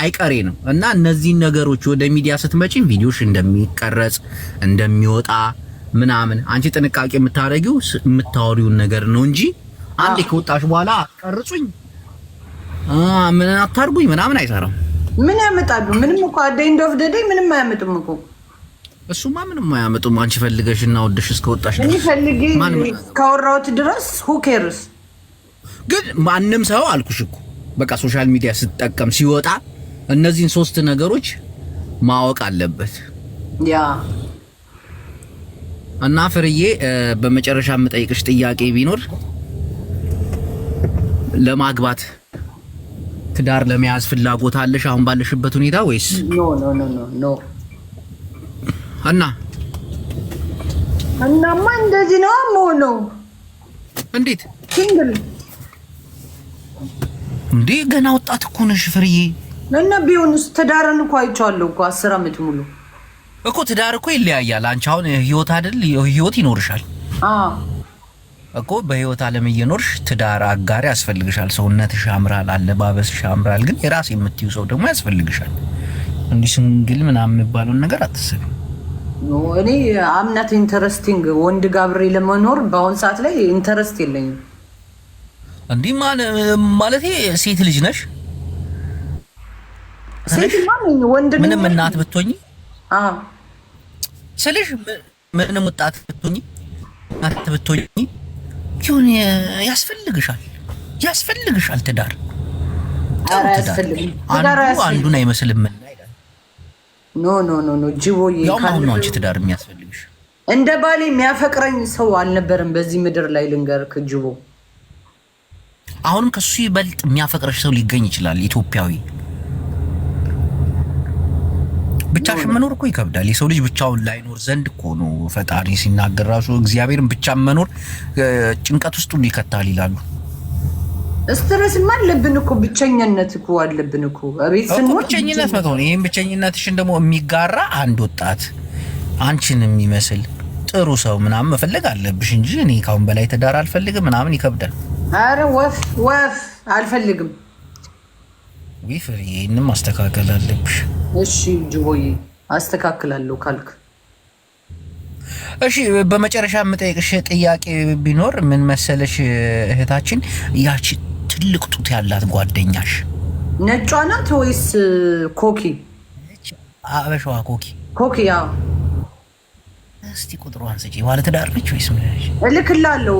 አይቀሬ ነው እና እነዚህን ነገሮች ወደ ሚዲያ ስትመጪ ቪዲዮሽ እንደሚቀረጽ እንደሚወጣ ምናምን አንቺ ጥንቃቄ የምታደርጊው የምታወሪውን ነገር ነው እንጂ አንዴ ከወጣሽ በኋላ ቀርጹኝ ምን አታርጉኝ ምናምን አይሰራም። ምን ያመጣሉ? ምንም እኮ አደንድ ኦፍ ደደይ ምንም አያመጡም እኮ እሱማ ምንም አያመጡም። አንቺ ፈልገሽ እና ወደሽ እስከወጣሽ ድረስ እኔ ፈልጌ ካወራሁት ድረስ ሁኬርስ ግን ማንም ሰው አልኩሽ እኮ በቃ ሶሻል ሚዲያ ስትጠቀም ሲወጣ እነዚህን ሶስት ነገሮች ማወቅ አለበት። ያ እና ፍርዬ በመጨረሻ የምጠይቅሽ ጥያቄ ቢኖር ለማግባት ትዳር ለመያዝ ፍላጎት አለሽ አሁን ባለሽበት ሁኔታ ወይስ? ኖ ኖ ኖ ኖ ኖ። እና እናማ እንደዚህ ነው የምሆነው። እንዴት ሲንግል እንዴ? ገና ወጣት እኮ ነሽ ፍርዬ እና ቢሆንስ ትዳርን እኮ አይቼዋለሁ እኮ አስር ዓመት ሙሉ እኮ ትዳር እኮ ይለያያል። አንቺ አሁን ህይወት አይደል ህይወት ይኖርሻል እኮ በህይወት ዓለም እየኖርሽ ትዳር አጋሪ ያስፈልግሻል። ሰውነትሽ ያምራል፣ አለባበስሽ ያምራል። ግን የራስ የምትይው ሰው ደግሞ ያስፈልግሻል። እንዲህ ስንግል ምናምን የሚባለውን ነገር አትስብ። እኔ አምነት ኢንተረስቲንግ ወንድ ጋብሬ ለመኖር በአሁን ሰዓት ላይ ኢንተረስት የለኝም። እንዲህ ማለት ሴት ልጅ ነሽ ምንም እናት ብትሆኝ ስልሽ ምንም ወጣት ብትሆኝ እናት ብትሆኝ ይሁን ያስፈልግሻል፣ ያስፈልግሻል ትዳር አንዱ አንዱን አይመስልም። ኖ ኖ ኖ ኖ ጅቦዬ፣ አሁን ነው አንቺ ትዳር የሚያስፈልግሽ። እንደ ባሌ የሚያፈቅረኝ ሰው አልነበርም በዚህ ምድር ላይ ልንገርክ ጅቦ። አሁንም ከሱ ይበልጥ የሚያፈቅረሽ ሰው ሊገኝ ይችላል ኢትዮጵያዊ ብቻሽን መኖር እኮ ይከብዳል። የሰው ልጅ ብቻውን ላይኖር ዘንድ እኮ ነው ፈጣሪ ሲናገር ራሱ እግዚአብሔርን ብቻን መኖር ጭንቀት ውስጥ ሁሉ ይከታል ይላሉ። ስትረስማ አለብን እኮ ብቸኝነት እኮ አለብን እኮ ቤት ብቸኝነት መቶ ነው። ይህም ብቸኝነትሽን ደግሞ የሚጋራ አንድ ወጣት አንቺን የሚመስል ጥሩ ሰው ምናምን መፈለግ አለብሽ እንጂ እኔ ካሁን በላይ ትዳር አልፈልግም ምናምን ይከብዳል። አረ ወፍ ወፍ አልፈልግም ውይ ይህንም ማስተካከል አለብሽ። እሺ ጅቦዬ አስተካክላለሁ ካልክ እሺ። በመጨረሻ የምጠይቅሽ ጥያቄ ቢኖር ምን መሰለሽ እህታችን፣ ያቺ ትልቅ ጡት ያላት ጓደኛሽ ነጯ ናት ወይስ ኮኪ? አበሻዋ ኮኪ ኮኪ። ያው እስቲ ቁጥሯን ስጪ። ባለ ትዳር ነች ወይስ እልክላለሁ?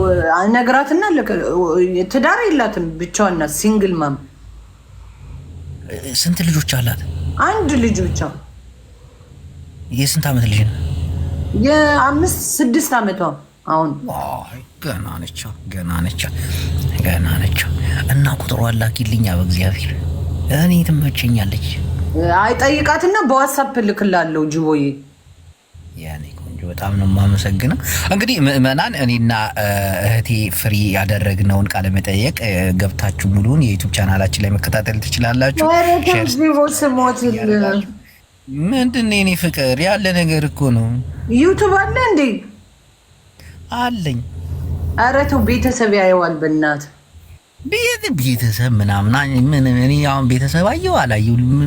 ነግራትና ትዳር የላትም ብቻዋን ናት፣ ሲንግል ማም ስንት ልጆች አላት? አንድ ልጅ ብቻ። የስንት ዓመት ልጅ ነው? የአምስት ስድስት ዓመቷ አሁን ገና ነቻ ገና ነቻ ገና ነቻ። እና ቁጥሯ ላኪልኛ በእግዚአብሔር እኔ ትመቸኛለች። አይጠይቃትና በዋትሳፕ ልክላለሁ ጅቦዬ በጣም ነው የማመሰግነው። እንግዲህ ምእመናን እኔና እህቴ ፍሪ ያደረግነውን ቃለ መጠየቅ ገብታችሁ ሙሉን የዩቱብ ቻናላችን ላይ መከታተል ትችላላችሁ። ምንድን የኔ ፍቅር ያለ ነገር እኮ ነው። ዩቱብ አለ እንዴ? አለኝ። ኧረ ተው ቤተሰብ ያየዋል በእናትህ ቤተሰብ ምናምን። እኔ አሁን ቤተሰብ አየሁ አላየሁ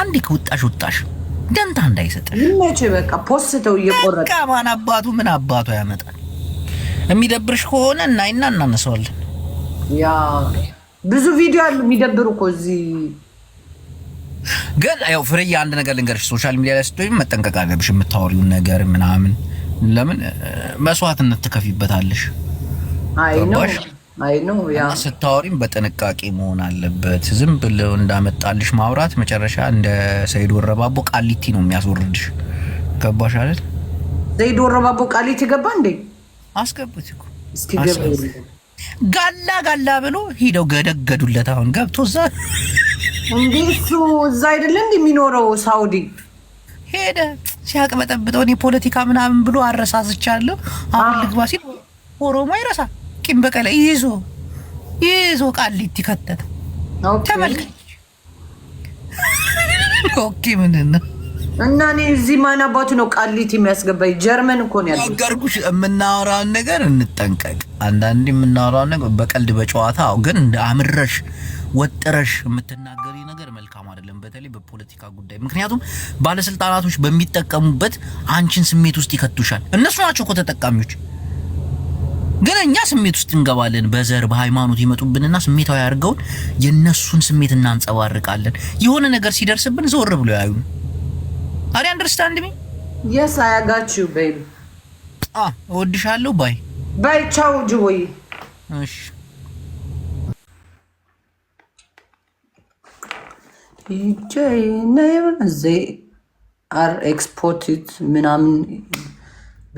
አንዴ ከውጣሽ ውጣሽ ደንታ እንዳይሰጥ ይመች። በቃ ፖስተው እየቆረጠ ማን አባቱ ምን አባቱ ያመጣል። የሚደብርሽ ከሆነ እናይና እናነሰዋለን ያ ብዙ ቪዲዮ አሉ የሚደብሩ እኮ እዚህ ግን ያው ፍሬዬ፣ አንድ ነገር ልንገርሽ፣ ሶሻል ሚዲያ ላይ ስትሆኝ መጠንቀቅ አለብሽ። የምታወሪውን ነገር ምናምን ለምን መስዋዕትነት ትከፊበታለሽ? አይ ነው ስታወሪም በጥንቃቄ መሆን አለበት። ዝም ብለው እንዳመጣልሽ ማውራት መጨረሻ እንደ ሰይድ ወረባቦ ቃሊቲ ነው የሚያስወርድሽ። ገባሽ አይደል? ሰይዶ ወረባቦ ቃሊቲ ገባ እንዴ? አስገቡት እኮ ጋላ ጋላ ብሎ ሂደው ገደገዱለት። አሁን ገብቶ እዛ እንዴ እሱ እዛ አይደለ እንዲ የሚኖረው ሳውዲ ሄደ ሲያቅበጠብጠው እኔ ፖለቲካ ምናምን ብሎ አረሳስቻለሁ አሁን ልግባ ሲል ኦሮሞ ይረሳል። ቂም በቀለ ይዞ ይዞ ቃሊቲ ከተተ። ተመልከች። ኦኬ ምን ነው እና እኔ እዚህ ማን አባቱ ነው ቃሊቲ የሚያስገባኝ? ጀርመን እኮ ነው ያለው። ነገርኩሽ፣ የምናወራውን ነገር እንጠንቀቅ። አንዳንዴ የምናወራውን ነገር በቀልድ በጨዋታ ግን አምረሽ ወጥረሽ የምትናገሪ ነገር መልካም አይደለም፣ በተለይ በፖለቲካ ጉዳይ። ምክንያቱም ባለስልጣናቶች በሚጠቀሙበት አንቺን ስሜት ውስጥ ይከቱሻል። እነሱ ናቸው እኮ ተጠቃሚዎች። ግን እኛ ስሜት ውስጥ እንገባለን። በዘር በሃይማኖት ይመጡብንና ስሜታዊ አድርገውን የነሱን ስሜት እናንጸባርቃለን። የሆነ ነገር ሲደርስብን ዞር ብሎ ያዩ አሪ አንደርስታንድ ሚ የስ አያጋችሁ ቤቢ አ እወድሻለሁ። ባይ ባይ ቻው ጅቦይ። እሺ ይጨይ ነው እዚህ አር ኤክስፖርትድ ምናምን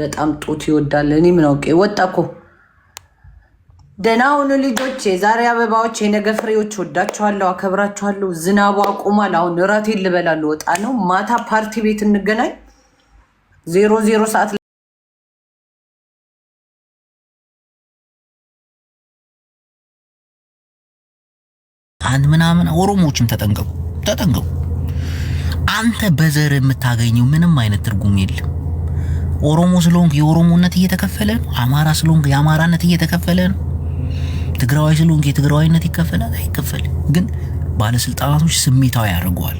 በጣም ጡት ይወዳል። እኔ ምን አውቄ ወጣ እኮ ደህና ሁኑ ልጆች፣ የዛሬ አበባዎች፣ የነገ ፍሬዎች። ወዳችኋለሁ፣ አከብራችኋለሁ። ዝናቡ አቁሟል። አሁን እራቴን ልበላ ልወጣ ነው። ማታ ፓርቲ ቤት እንገናኝ። ዜሮ ዜሮ ሰዓት አንድ ምናምን። ኦሮሞዎችም ተጠንቀቁ፣ ተጠንቀቁ። አንተ በዘር የምታገኘው ምንም አይነት ትርጉም የለም። ኦሮሞ ስለሆንክ የኦሮሞነት እየተከፈለ ነው። አማራ ስለሆንክ የአማራነት እየተከፈለ ነው። ትግራዋይ ስለሆንክ የትግራዋይነት ይከፈላል አይከፈል፣ ግን ባለስልጣናቶች ስሜታዊ ያደርገዋል።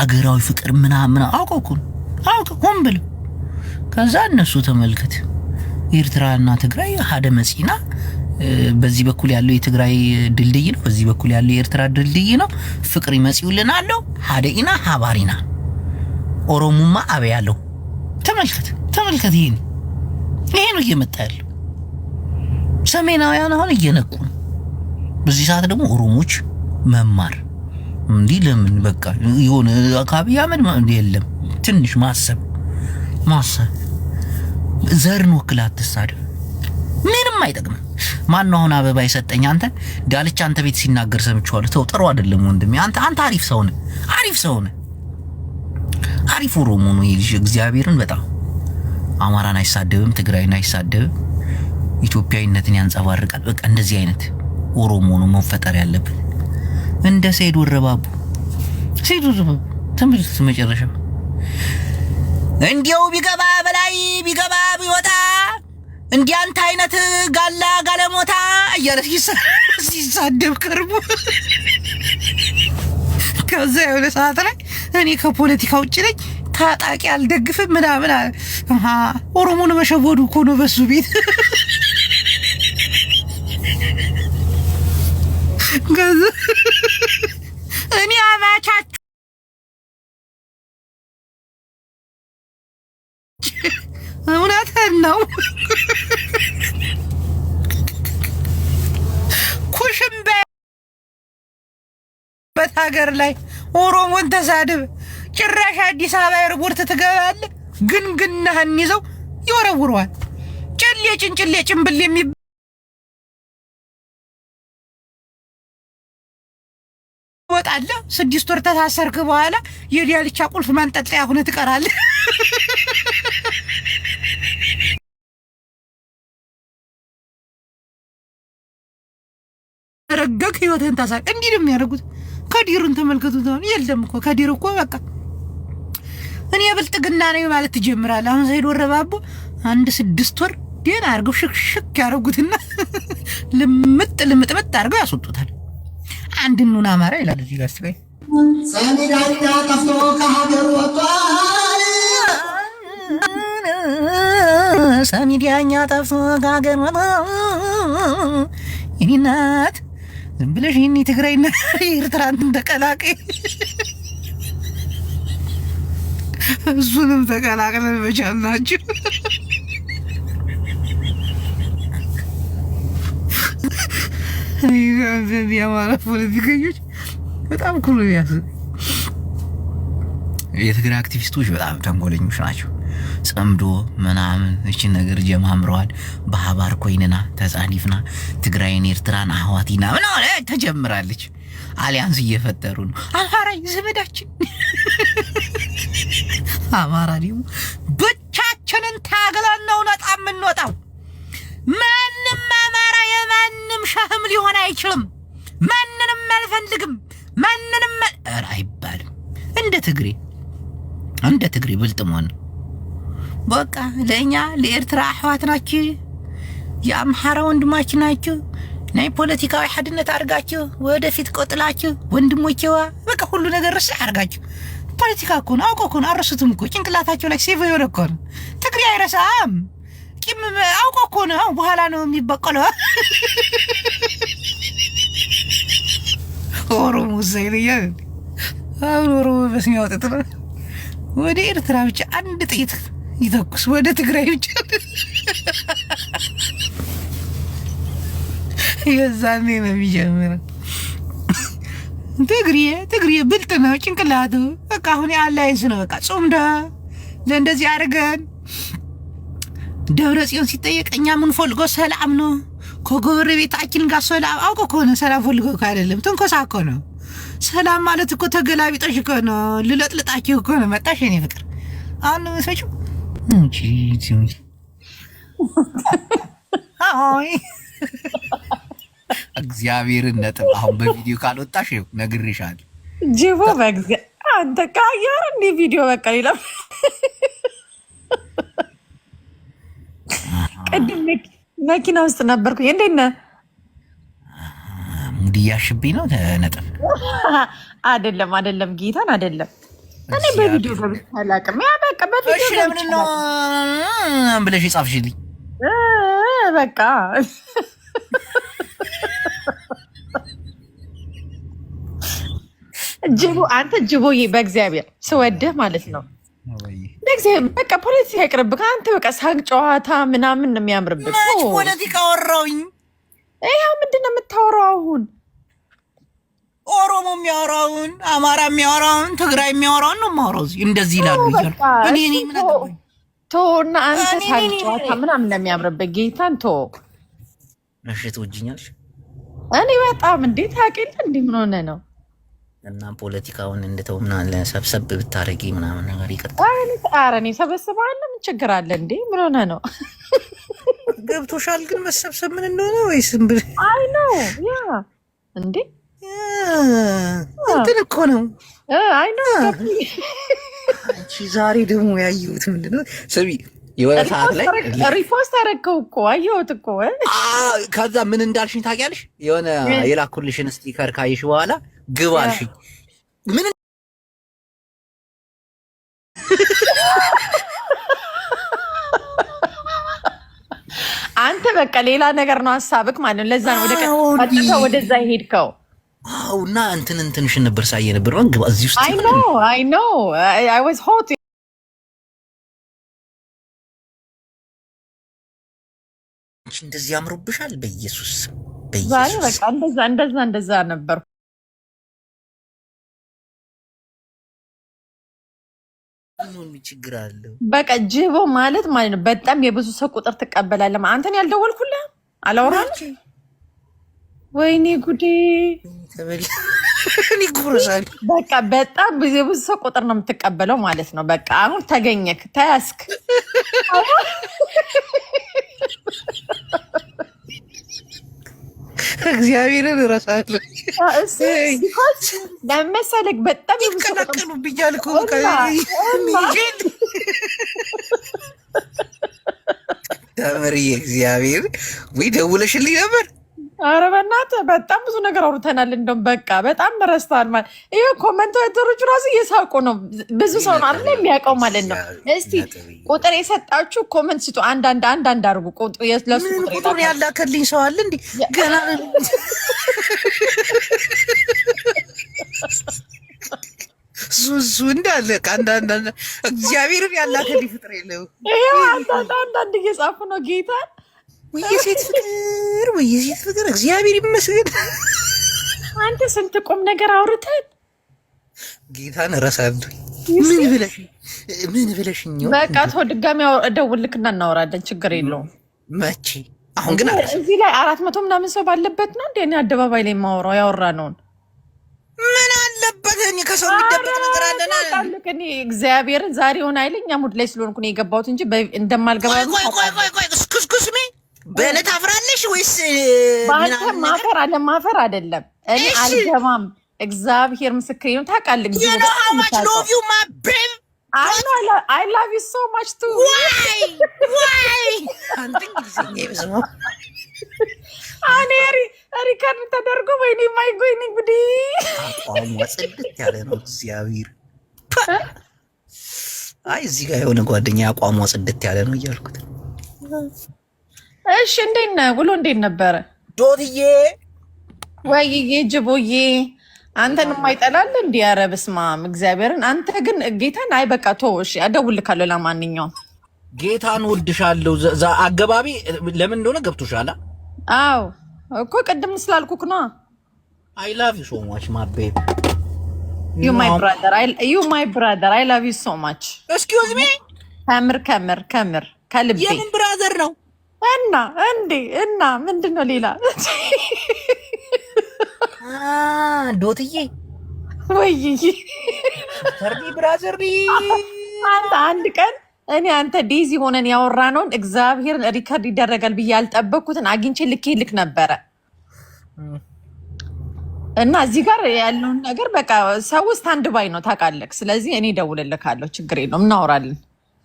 አገራዊ ፍቅር ምናምን አውቀው እኮ አውቀው ሆን ብለው ከዛ እነሱ ተመልከት ኤርትራና ትግራይ ሀደ መጺና በዚህ በኩል ያለው የትግራይ ድልድይ ነው፣ በዚህ በኩል ያለው የኤርትራ ድልድይ ነው። ፍቅር መጺውልን አለው ሀደኢና ሀባሪና ኦሮሙማ አበያለው ተመልከት ተመልከት። ይሄን ይሄ ነው እየመጣ ያለው። ሰሜናውያን አሁን እየነቁ ነው። በዚህ ሰዓት ደግሞ ኦሮሞች መማር እንዲህ ለምን በቃ የሆነ አካባቢ ያመድ የለም ትንሽ ማሰብ ማሰብ ዘርን ወክል አትሳደብ። ምንም አይጠቅምም። ማነው አሁን አበባ የሰጠኝ? አንተ ዳልቻ አንተ ቤት ሲናገር ሰምቼዋለሁ። ተው ጥሩ አይደለም ወንድሜ። አንተ አንተ አሪፍ ሰው ነህ፣ አሪፍ ሰው ነህ፣ አሪፍ ኦሮሞ ነው ይልሽ እግዚአብሔርን በጣም አማራን አይሳደብም፣ ትግራይን አይሳደብም። ኢትዮጵያዊነትን ያንጸባርቃል። በቃ እንደዚህ አይነት ኦሮሞ ነው መፈጠር ያለበት፣ እንደ ሰይድ ወረባቡ። ሰይድ ወረባቡ ትምህርት መጨረሻ እንዲያው ቢገባ በላይ ቢገባ ቢወጣ እንዲያንተ አይነት ጋላ ጋለሞታ እያለ ሲሳደብ ቀርቦ ከዛ የሆነ ሰዓት ላይ እኔ ከፖለቲካ ውጭ ነኝ፣ ታጣቂ አልደግፍም ምናምን ኦሮሞን መሸወዱ እኮ ነው በሱ ቤት እኔ አማቻችሁ እውነትን ነው። ኩሽምበት ሀገር ላይ ኦሮሞን ተሳድብ ጭራሽ አዲስ አበባ ኤርፖርት ትገባለህ፣ ግን ይዘው ይወረውረዋል። ጭሌ ጭንጭሌ ጭንብል የሚባል ትወጣለህ። ስድስት ወር ተታሰርክ በኋላ የዲያልቻ ቁልፍ ማንጠልጠያ ሁነህ ትቀራለህ። ረገግ ህይወትህን ታሳቅ። እንዲህ ነው የሚያደርጉት። ከዲሩን ተመልከቱ። ሆን የለም እኮ ከዲር እኮ በቃ እኔ ብልጥግና ነኝ ማለት ትጀምራለህ። አሁን ሰይድ ወረባቦ አንድ ስድስት ወር ዴን አድርገው ሽክሽክ ያደረጉትና ልምጥ ልምጥምጥ አድርገው ያስወጡታል። አንድ ኑን አማራ ይላል እዚህ ጋር ስቀኝ ሰሚዳሪዳ ጠፍቶ ከሀገር ወጥቷል። ሰሚዳኛ ጠፍቶ ከሀገር ወጥቷል። የኔ እናት ዝም ብለሽ ይህን ትግራይና ኤርትራን ተቀላቀ እሱንም ተቀላቅለን መቻል ናቸው። የአማራ ፖለቲከኞች በጣም ኩሎ ያስ የትግራይ አክቲቪስቶች በጣም ተንኮለኞች ናቸው። ጸምዶ ምናምን እችን ነገር ጀማምረዋል። በሀባር ኮይንና ተጻኒፍና ትግራይን ኤርትራን አህዋቲና ምናምን ተጀምራለች። አሊያንስ እየፈጠሩ ነው። አማራ ዘመዳችን፣ አማራ ደግሞ ብቻችንን ታግለን ነው ነጣ የምንወጣው ማንም ሸህም ሊሆን አይችልም። ማንንም አልፈልግም። ማንንም ኧረ አይባልም። እንደ ትግሬ እንደ ትግሬ ብልጥሞን በቃ ለእኛ ለኤርትራ አሕዋት ናችሁ፣ የአምሓራ ወንድማች ናችሁ። ናይ ፖለቲካዊ ሓድነት አድርጋችሁ ወደፊት ቆጥላችሁ ወንድሞቼዋ በቃ ሁሉ ነገር ርስዕ አድርጋችሁ ፖለቲካ እኮ ነው አውቆ እኮ ነው አረሱትም እኮ ጭንቅላታቸው ላይ ሴቭ የሆነ እኮ ነው ትግሬ አይረሳም። ቂም አውቆ እኮ ነው በኋላ ነው የሚበቀለው። ኦሮሞ ዘይልየ አሁን ኦሮሞ በስሚ ነው። ወደ ኤርትራ ብቻ አንድ ጥይት ይተኩስ፣ ወደ ትግራይ ብቻ የዛኔ ነው ትግሬ ትግሬ ብልጥ ነው ጭንቅላቱ። በቃ አሁን አላይንስ ነው በቃ ለእንደዚህ አድርገን ደብረ ጽዮን ሲጠየቅ እኛ ምን ፈልጎ ሰላም ነው ከጎረቤታችን ጋር ሰላም አውቆ ከሆነ ሰላም ፈልጎ አይደለም፣ ትንኮሳ እኮ ነው። ሰላም ማለት እኮ ተገላቢጦሽ እኮ ነው። ልለጥልጣችሁ እኮ ነው። መጣሽ የኔ ፍቅር አሁን መስመች እግዚአብሔርን ነጥብ አሁን በቪዲዮ ካልወጣሽ ነግሬሻለሁ። ጅቦ በእግዚአብሔር አንተ ካያር እንዲህ ቪዲዮ በቃ ይላል ቅድም መኪና ውስጥ ነበርኩኝ። እንዴት ነህ? ነው። ነጥብ አይደለም፣ አይደለም፣ ጌታን አይደለም። እኔ በቪዲዮ ገብቼ አላውቅም። ያ በቃ በቪዲዮ ለምን ነው ብለሽ በቃ ጅቦ አንተ ጅቦዬ፣ በእግዚአብሔር ስወድህ ማለት ነው በቃ ፖለቲካ ይቅርብ ከአንተ በቃ ሳቅ ጨዋታ ምናምን ነው የሚያምርብህ። ፖለቲካ ወራውኝ ይህ ምንድን ነው የምታወራው? አሁን ኦሮሞ የሚያወራውን፣ አማራ የሚያወራውን፣ ትግራይ የሚያወራውን ነው የማወራው። እንደዚህ ይላሉ ቶ እና አንተ ሳቅ ጨዋታ ምናምን ነው የሚያምርብህ። ጌታን ቶ እሺ ትወጂኛለሽ? እኔ በጣም እንዴት ታውቂያለሽ? እንዲህ ምን ሆነ ነው እና ፖለቲካውን እንድተው ምናምን ሰብሰብ ብታደረጊ ምናምን ነገር ይቀጥላል። ኧረ እኔ ሰበስባለሁ። ምን ችግር አለ እንዴ? ምን ሆነ ነው? ገብቶሻል ግን መሰብሰብ ምን እንደሆነ ወይስ? አይ ነው ያ እንዴ እንትን እኮ ነው። አይ ነው ዛሬ ደግሞ ያየሁት ምንድነው ነው? የሆነ ሰዓት ላይ ሪፖስት አደረገው እኮ አየሁት እኮ። ከዛ ምን እንዳልሽኝ ታውቂያለሽ? የሆነ የላኩልሽን ስቲከር ካየሽ በኋላ ግባሽ ምን አንተ በቃ ሌላ ነገር ነው ሀሳብክ ማለት ነው። ለዛ ነው ወደ ወደዛ ሄድከው። አው እና እንትን እንትንሽን ነበር ሳየ ነበር ግባ እዚህ ውስጥ አይ ኖ አይ ኖ አይ ዋዝ ሆት እንደዚህ አምሮብሻል። በኢየሱስ በኢየሱስ በቃ እንደዛ እንደዛ እንደዛ ነበር። ችግር አለው። በቃ ጅቦ ማለት ማለት ነው። በጣም የብዙ ሰው ቁጥር ትቀበላለህ። አንተን ያልደወልኩልህ አላወራም። ወይኔ ጉዴ! በቃ በጣም የብዙ ሰው ቁጥር ነው የምትቀበለው ማለት ነው። በቃ አሁን ተገኘክ፣ ተያዝክ። እግዚአብሔርን እረሳለሁ። ለመሰለክ በጣም ይቀላቀሉብኛል እኮ ተምርዬ እግዚአብሔር ወይ ደውለሽልኝ ነበር? ኧረ በእናትህ በጣም ብዙ ነገር አውርተናል። እንደውም በቃ በጣም ረስተሃል ማለት ይሄ ኮመንታተሮቹ ራሱ እየሳቁ ነው። ብዙ ሰው ነው አለ የሚያውቀው ማለት ነው። እስቲ ቁጥር የሰጣችሁ ኮመንት ስጡ። አንዳንድ አንዳንድ አድርጉ። ለሱ ቁጥር ያላከልኝ ሰው አለ እንዲ ገና ዙዙ እንዳለ አንዳንድ እግዚአብሔርን ያላከልኝ ፍጥር የለው። ይሄ አንዳንድ አንዳንድ እየጻፉ ነው ጌታ ወይ የሴት ፍቅር ወይ የሴት ፍቅር እግዚአብሔር ይመስገን። አንተ ስንት ቁም ነገር አውርተን ጌታን ረሳብኝ። ምን ብለሽ ምን ብለሽኝ? በቃ ተው ድጋሚ እደውልልክና እናወራለን። ችግር የለውም መቼ። አሁን ግን እዚህ ላይ አራት መቶ ምናምን ሰው ባለበት ነው እንደ እኔ አደባባይ ላይ የማወራው ያወራ ነውን ምን አለበት? እኔ ከሰው የሚደበቅ ነገር አለና እግዚአብሔርን ዛሬ ሆን አይለኝ ሙድ ላይ ስለሆንኩ ነው የገባሁት እንጂ እንደማልገባ በእኔ ታፍራለሽ ወይስ ማፈር አለ? ማፈር አይደለም። እኔ አልገባም። እግዚአብሔር ምስክሬ ነው። ታውቃለህ አይ ላቭ ዩ ሶ ማች ቱ እኔ ሪከርድ ተደርጎ ወይኔ ማይ ጎይኒ ጉዲ ጽድት ያለ ነው። እግዚአብሔር አይ እዚህ ጋር የሆነ ጓደኛ አቋሟ ጽድት ያለ ነው እያልኩት እሺ እንዴት ነህ? ውሎ እንዴት ነበረ? ዶትዬ ወይዬ ጅቦዬ አንተን የማይጠላል እንዲ ኧረ በስመ አብ እግዚአብሔርን። አንተ ግን ጌታን አይ በቃ ቶ እሺ አደውልካለሁ። ለማንኛውም ጌታን ወድሻለሁ። አገባቢ ለምን እንደሆነ ገብቶሻል? አዎ እኮ ቅድም ስላልኩክ ነዋ። አይ ላቭ ዩ ሶ ማች ማይ ቤቢ ዩ ማይ ብራዘር ዩ ማይ ብራዘር አይ ላቭ ዩ ሶ ማች። እስኪውዝ ሚ ከምር ከምር ከምር ከልቤ የምን ብራዘር ነው እና እንዴ እና ምንድን ነው ሌላ ዶትዬ ወይ ተርቢ ብራዘርቢ አንተ አንድ ቀን እኔ አንተ ዴዚ ሆነን ያወራነውን እግዚአብሔርን ሪከርድ ይደረጋል ብዬ ያልጠበኩትን አግኝቼ ልኬ ልክ ነበረ እና እዚህ ጋር ያለውን ነገር በቃ ሰው ውስጥ አንድ ባይ ነው ታውቃለህ። ስለዚህ እኔ ደውልልካለሁ፣ ችግር የለውም እናወራለን።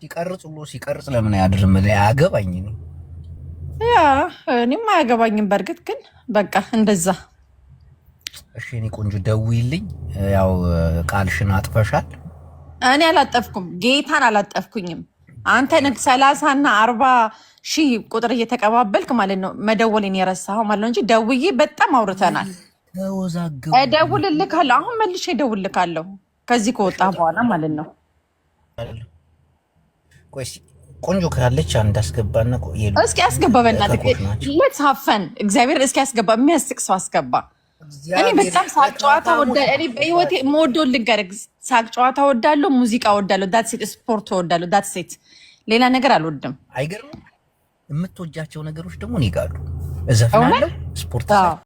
ሲቀርጽ ሁሉ ሲቀርጽ ለምን አያድርም? አገባኝ ነው ያ እኔም አያገባኝም። በእርግጥ ግን በቃ እንደዛ። እሺ እኔ ቆንጆ ደውይልኝ። ያው ቃልሽን አጥፈሻል። እኔ አላጠፍኩም፣ ጌታን አላጠፍኩኝም። አንተ ንግ እና አርባ ሺህ ቁጥር እየተቀባበልክ ማለት ነው መደወልን የረሳኸው ማለት ነው እንጂ ደውዬ በጣም አውርተናል። እደውልልካለሁ፣ አሁን መልሼ እደውልልካለሁ ከዚህ ከወጣ በኋላ ማለት ነው። ቆንጆ ካለች አንድ አስገባና እስኪ አስገባ፣ በእናትህ ፈን እግዚአብሔር እስኪ አስገባ፣ የሚያስቅ ሰው አስገባ። እኔ በጣም ሳቅ ጨዋታ ወዳለሁ። በህይወቴ መወዶ ልንገርህ፣ ሳቅ ጨዋታ ወዳለሁ፣ ሙዚቃ ወዳለሁ፣ ዳት ሴት ስፖርት ወዳለሁ፣ ዳት ሴት ሌላ ነገር አልወድም። አይገርም የምትወጃቸው ነገሮች ደግሞ እኔ ጋር አሉ። እዘፍናለሁ፣ ስፖርት